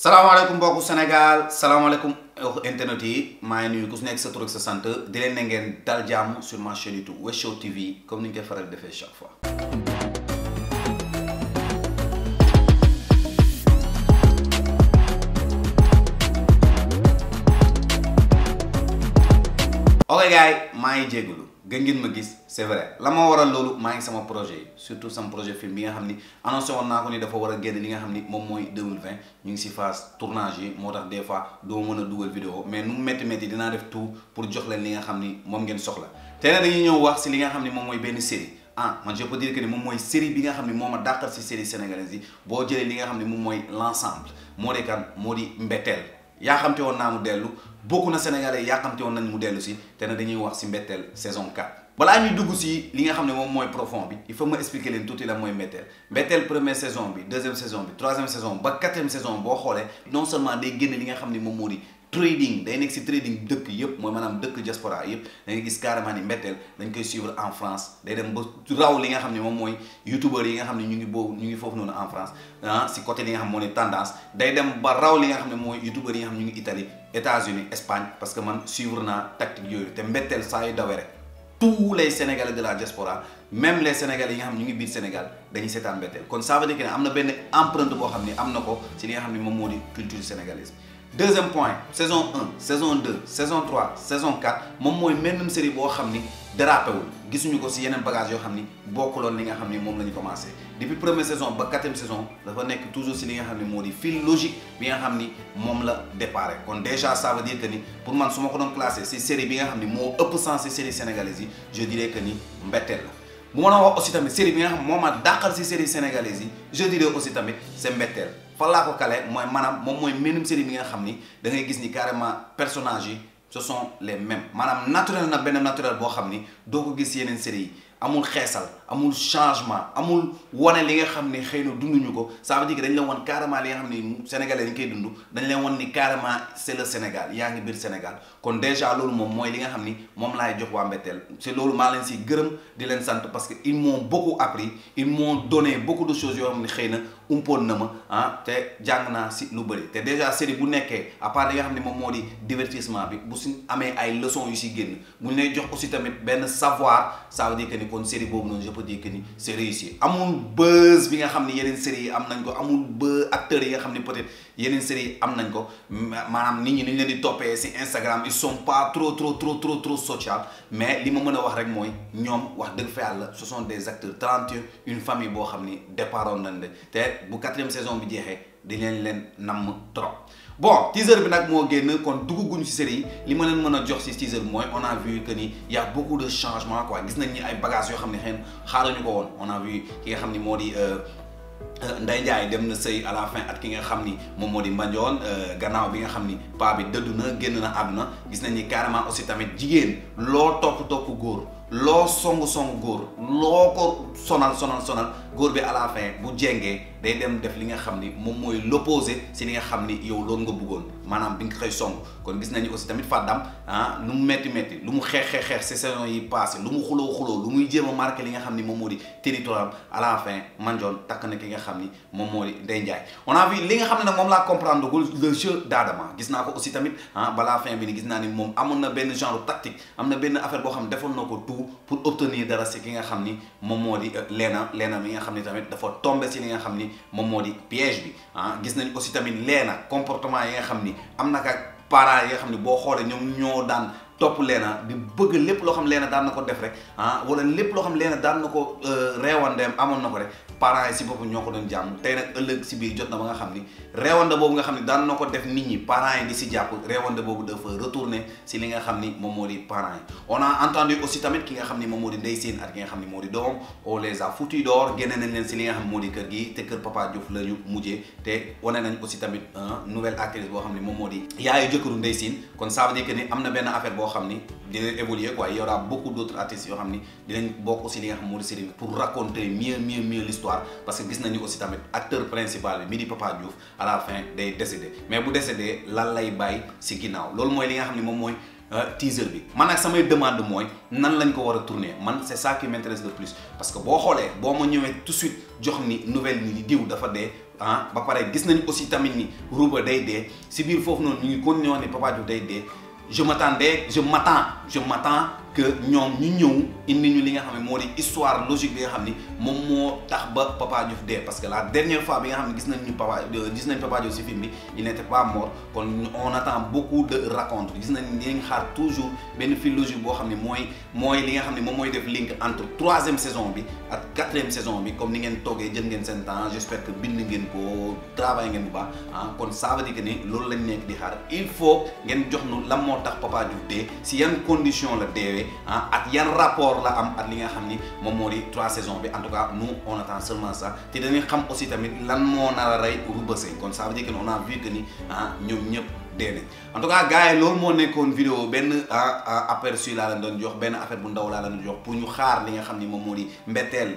salaamaaleykum mbokku Sénégal salaamaaleykum internet yi maa ngi nuyu ku nekk sa tur sa sant di leen ne ngeen dal jàmm sur ma chaîne YouTube Wes Show TV comme ni ñu koy faral defee chaque fois. ok gars yi maa ngi jégalu. gën ngeen ma gis c'est vrai la ma waral loolu maa ngi sama projet yi surtout sama projet film bi nga xam ni annoncé woon naa ko ni dafa war a génn li nga xam ni moom mooy 2020 ñu ngi si phase tournage moo tax des fois doo mën a dugal vidéo mais nu mu métti métti dinaa def pour jox leen li nga xam ni moom ngeen soxla te ñëw wax si li nga xam ni moom mooy benn série ah man je peux dire moom mooy série bi nga xam ni moo ma dàqal si série sénégalaise yi boo jëlee li nga xam ni moom mooy l'ensemble moo di kan moo di mbetteel yaaxamte woon naa mu dellu bokku na sénégalais yaaxamte woon nañ mu dellu si te ne dañuy wax si mbetteel saison 4 balaa ñuy dugg si li nga xam ne moom mooy profond bi il faut ma expliquer leen tuuti la mooy mbetteel mbetteel première saison bi deuxième saison bi troisième saison ba quatrième saison boo xoolee non seulement day génne li nga xam ne moom moo di trading day nekk si trading dëkk yëpp mooy maanaam dëkk diaspora yëpp da ngay gis carrément ni mbetteel dañ koy suivre en France day dem ba raw li nga xam ne moom mooy youtubeur yi nga xam ne ñu ngi boobu ñu ngi foofu noonu en France ah, li nga xam moo ne tendance day dem ba raw li nga ngi Italie États-Unis Espagne parce que man suivre naa tactique yooyu te mbetteel saa yu dawee rek tous les Sénégalais de la diaspora même les Sénégalais yi nga xam ne ñu ngi biir Sénégal dañuy seetaan mbetteel kon ça que ne am na benn empreinte boo xam ne am na ko si li nga xam ne moom moo di culture sénégalaise deuxième point saison 1 saison 2 saison 3 saison 4 moom mooy mennum série boo xam ni dérapé wul gisuñu ko si yeneen bagage yoo xam ni bokkuloon li nga xam ni moom la ñu commencé depuis première saison ba quatrième saison dafa nekk toujours si li nga xam ni moo di fil logique bi nga xam ni moom la déparé kon déjà ça veut dire ni pour man su ma ko doon classé si série bi nga xam ni moo ëpp sens si série sénégalaise yi je dirais ni mbetteel la bu ma a wax aussi tamit série bi nga xam moo ma dàqal si série sénégalaise yi je dirais aussi tamit c'est Mbetteel fa laa ko kale mooy maanaam moom mooy menum seri bi nga xam ni da ngay gis ni carrément personnage yi ce sont les mêmes maanaam naturel na benn naturel boo xam ni doo ko gis yeneen seri yi amul xeesal amul changement amul wane li nga xam ni xëy na dunduñu ko ça veut dire que dañ leen wan carrément li nga xam ne sénégalais dañ koy dund dañ leen wan ni carrément c'est le Sénégal yaa ngi biir Sénégal kon déjà loolu moom mooy li nga xam ni moom laay jox waa Mbetteel c'est loolu maa leen si gërëm di leen sant parce que ils m'ont beaucoup appris ils m'ont donné beaucoup de choses yoo xam ne xëy na umpoon na ma ah te jàng naa si lu bëri te déjà série bu nekkee à part nga xam ne moom moo di divertissement bi bu si amee ay leçons yu si génn bu ñu jox aussi tamit benn savoir ça veut que ni kon série boobu noonu je peux dire que ni c'est amul buzz bi nga xam ne yeneen série yi am nañ ko amul buzz acteurs yi nga xam ne peut-être yeneen série yi am nañ ko maanaam nit ñi ni ñu leen di toppee si Instagram ils sont pas trop trop trop trop social mais li ma mën a wax rek mooy ñoom wax dëgg fa yàlla ce sont des acteurs talentueux une famille boo xam ni départoon nañ de te bu quatrième saison bi jeexee di leen leen namm trop. bon teaser bi nag moo génn kon dugguñu ci série yi li ma leen mën a jox si teaser bi mooy on a vu que ni beaucoup de changements quoi gis nañ ni ay bagages yoo xam ne xëy ko woon on a ki nga xam ni moo di. Euh, Euh, Ndeye Ndiaye dem na sëy à la fin at ki nga xam ni moom moo di Mbandione euh, gannaaw bi nga xam ni paa bi dëddu na génn na am na gis nañ ni carrément aussi tamit jigéen loo topp topp góor loo songu songu góor loo ko sonal sonal sonal góor bi à la fin bu jengee day dem def li nga xam ni moom mooy l'opposé si li nga xam ni yow loolu nga buggoon maanaam bi nga koy song kon gis nañu aussi tamit Fadam ah nu mu métti métti lu mu xeex xeex xeex si saison yi passé lu mu xuloo xuloo lu muy jéem a marqué li nga xam ni moom moo di territoire à la fin Mandione takk na ki nga xam ni moom moo di Ndeye Ndiaye on a vu li nga xam ne nag moom laa comprendre gul le jeu naa ko aussi tamit ah balaa fin bi naa ni moom amoon na benn genre tactique am na benn affaire boo xam ne defoon na ko foofu pour obtenir dara si ki nga xam ni moom moo di euh, leena leena mi nga xam ni tamit dafa tombe si li nga xam ni moom moo di piège bi ah gis nañ aussi tamit leena comportement yi nga xam ni am na ka parents yi nga xam ni boo xoolee ñoom ñoo daan topp leena di bëgg lépp loo xam leena daan na ko def rek ah wala lépp loo xam leena daan na ko euh, réewandeem amoon na ko rek parents yi si boppam ñoo ko doon jàmm tey nag ëllëg si biir jot na ba nga xam ni réewande boobu nga xam ni daan na ko def nit ñi parents yi di si jàpp réewande boobu dafa retourner si li nga xam ni moom moo di parents yi on a entendu aussi tamit ki nga xam ni moom moo di Ndeye Sène ak ki nga xam ni moo di doom on les a foutus dehors génne nañ leen si li nga xam moo di kër gi te kër Papa Diouf la mujjee te wane nañ aussi tamit nouvelle actrice boo xam ni moom moo di yaayu jëkkëru Ndeye Sène kon ça am na benn affaire boo xam ni dina évoluer quoi il y aura beaucoup d'autres artistes yoo xam ni dinañ bokk aussi li nga xam moo di série pour raconter mieux mieux mieux l'histoire parce que gis nañu aussi tamit acteur principal bi mi di Papa Diouf à la fin day décédé mais bu décédé lan lay bàyyi si ginnaaw loolu mooy li nga xam ni moom mooy euh, teaser bi man demande mooy nan lañ ko war a tourner man c'est ça qui m'intéresse de plus parce que boo xoolee boo ma ñëwee tout de suite jox ni nouvelle ni diw dafa dee ah ba pare gis nañ si tamit ni Rouba day dee si biir foofu noonu ñu ngi continuer wax ni Papa Diouf day dee je m'attendais je m'attends je m'attends que ñoom ñu ñëw indi ñu li nga xam ne moo di histoire logique bi nga xam ne moom moo tax ba Papa Diouf de parce que la dernière fois bi nga xam ne gis nañ ñu Papa euh, gis nañ Papa Diouf ci film bi il n'était pas mort boo xam ne mooy mooy li nga xam ne moom mooy def link entre troisième saison bi ak quatrième saison bi comme ni ngeen toogee jël ngeen seen temps j'espère que bind ngeen ko travail ngeen bu baax ah kon ça ni loolu lañ nekk di xaar il faut ngeen jox nu lan moo tax Papa Diouf dee ci yan condition la ak yan rapport la am ak li nga xam ni moom moo di trois saisons bi en tout cas nous on attend seulement ça te dañuy xam aussi tamit lan moo nar rey Rouba Sèye kon ça veut dire que on a vu que ni ah ñëpp dee nañ en tout cas gars loolu moo nekkoon vidéo benn aperçu laa leen doon jox benn affaire bu ndaw laa leen doon jox pour ñu xaar li nga xam ni moom moo di mbetteel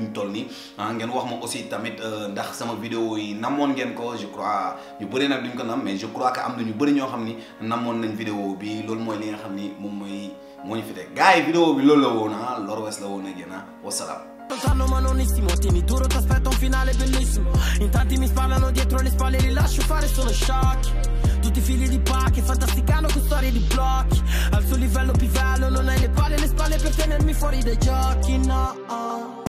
ñu toll nii ah ngeen wax ma aussi tamit euh, ndax sama vidéo yi namoon ngeen ko je crois ñu bëri nag duñ ko nam mais je crois que am na ñu bëri ñoo xam ni namoon nañ vidéo bi loolu mooy li xam ni moom mooy moo ñu fi teg gars yi vidéo bi a ah, ah, finale bellissimo In tanti mi sparano dietro le spalle Li lascio fare solo Tutti figli di pacche Fantasticano con storie di blocchi Al suo livello pivello Non hai le palle e le spalle Per tenermi fuori dai giochi No